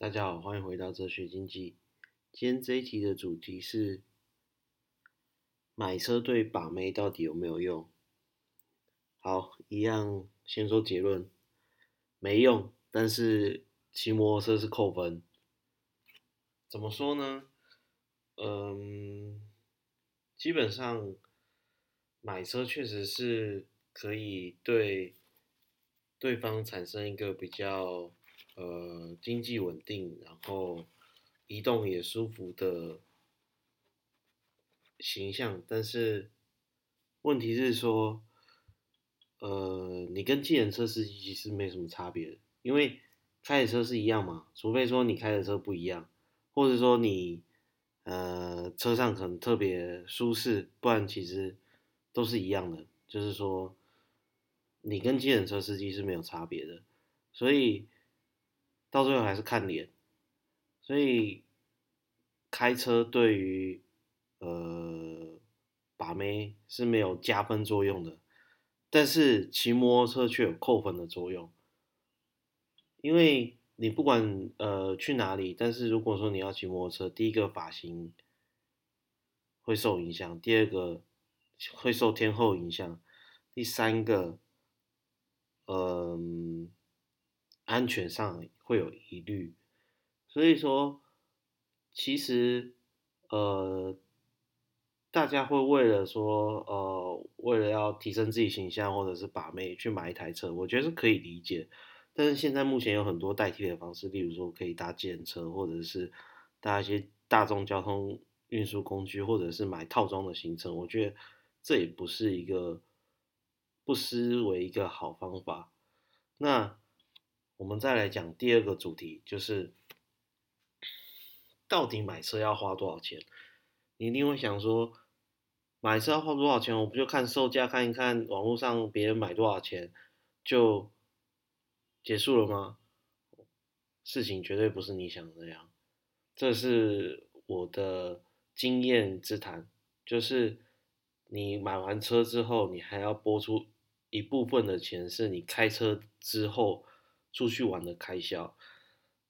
大家好，歡迎回到哲學經濟。今天這一題的主題是：買車對把妹到底有沒有用？好，一樣先說結論，沒用。但是騎摩托車是扣分。怎麼說呢？嗯，基本上買車確實是可以對對方產生一個比較。呃，經濟穩定，然後移動也舒服的形象，但是問題是說，呃，你跟計程車司機其實沒什麼差別，因為開的車是一樣嘛，除非說你開的車不一樣，或者說你呃車上可能特別舒適，不然其實都是一樣的，就是說你跟計程車司機是沒有差別的，所以。到最後還是看臉，所以開車對於呃把妹是沒有加分作用的，但是騎摩托車卻有扣分的作用，因為你不管呃去哪裡，但是如果說你要騎摩托車，第一個髮型會受影響，第二個會受天候影響，第三個嗯。呃安全上會有疑慮，所以說，其實，呃，大家會為了說，呃，為了要提升自己形象，或者是把妹去買一台車，我覺得是可以理解。但是現在目前有很多代替的方式，例如說可以搭計程車，或者是搭一些大眾交通運輸工具，或者是買套裝的行程，我覺得這也不是一個不失為一個好方法。那我們再來講第二個主題，就是到底買車要花多少錢？你一定會想說，買車要花多少錢？我不就看售價，看一看網絡上別人買多少錢，就結束了嗎？事情絕對不是你想的那樣。這是我的經驗之談，就是你買完車之後，你還要撥出一部分的錢，是你開車之後。出去玩的開銷，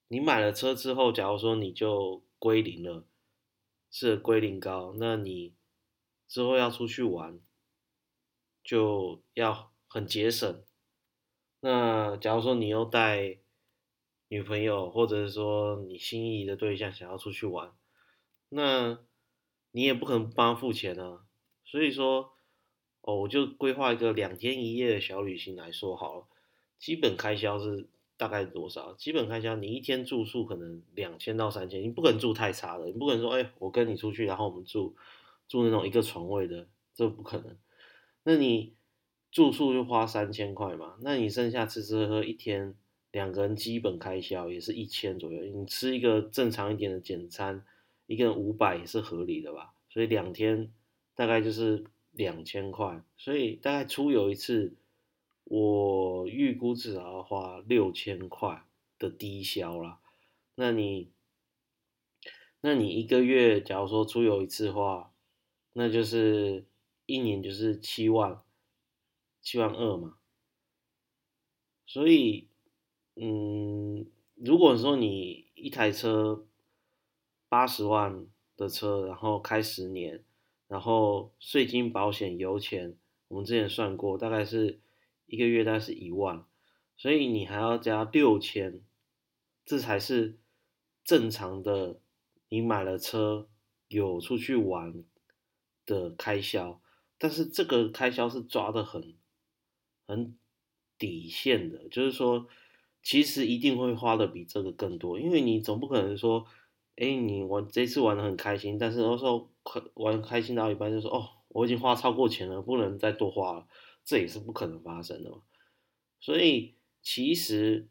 你買了車之後，假如說你就歸零了，是歸零高，那你之後要出去玩，就要很節省。那假如說你又帶女朋友，或者是說你心儀的對象想要出去玩，那你也不可能幫他付錢啊。所以說，哦，我就規劃一個兩天一夜的小旅行來說好了。基本開銷是大概多少？基本開銷，你一天住宿可能兩千到三千，你不可能住太差的，你不可能說，哎、欸，我跟你出去，然後我們住住那種一個床位的，這不可能。那你住宿就花三千塊嘛，那你剩下吃吃喝喝一天兩個人基本開銷也是一千左右，你吃一個正常一點的簡餐，一個人五百也是合理的吧？所以兩天大概就是兩千塊，所以大概出遊一次。我預估至少要花六千塊的低消啦。那你，那你一個月假如說出遊一次話，那就是一年就是七萬，七萬二嘛。所以，嗯，如果說你一台車八十萬的車，然後開十年，然後稅金、保險、油錢，我們之前算過，大概是。一個月大概是一萬，所以你還要加六千，這才是正常的。你買了車，有出去玩的開銷，但是這個開銷是抓得很很底線的，就是說，其實一定會花的比這個更多，因為你總不可能說，誒，你玩這次玩的很開心，但是到時候可玩開心到一半就說，哦，我已經花超過錢了，不能再多花了。這也是不可能發生的嘛。所以，其實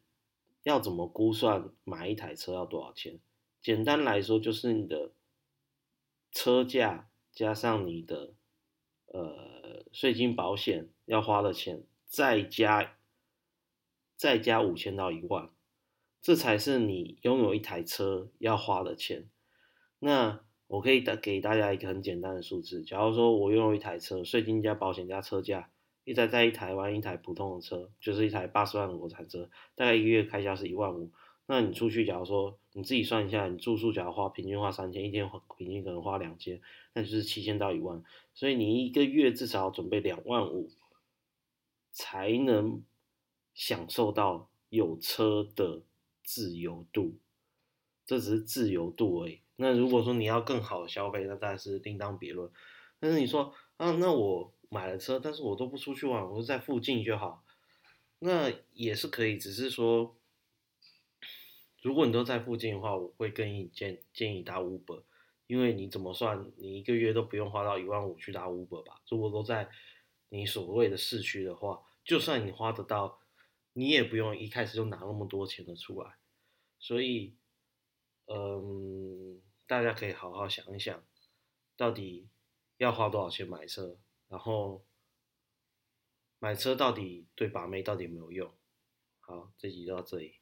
要怎麼估算買一台車要多少錢？簡單來說，就是你的車價加上你的呃稅金、保險要花的錢再，再加再加五千到一萬，這才是你擁有一台車要花的錢。那我可以的，給大家一個很簡單的數字，假如說我擁有一台車，稅金加保險加車價。一直在一台，在台，玩一台普通的車，就是一台八十萬的國產車，大概一個月開銷是一萬五。那你出去，假如說你自己算一下，你住宿假如花平均花三千，一天平均可能花兩千，那就是七千到一萬。所以你一個月至少要準備兩萬五，才能享受到有車的自由度。這只是自由度而已。那如果說你要更好的消費，那當然是另當別論。但是你說啊，那我。買了車，但是我都不出去玩，我就在附近就好，那也是可以。只是說，如果你都在附近的話，我會跟你建建議打 Uber，因為你怎麼算，你一個月都不用花到一萬五去打 Uber 吧？如果都在你所謂的市區的話，就算你花得到，你也不用一開始就拿那麼多錢的出來。所以，嗯、呃，大家可以好好想一想，到底要花多少錢買車。然後買車到底對把妹到底有沒有用？好，這集就到這裡。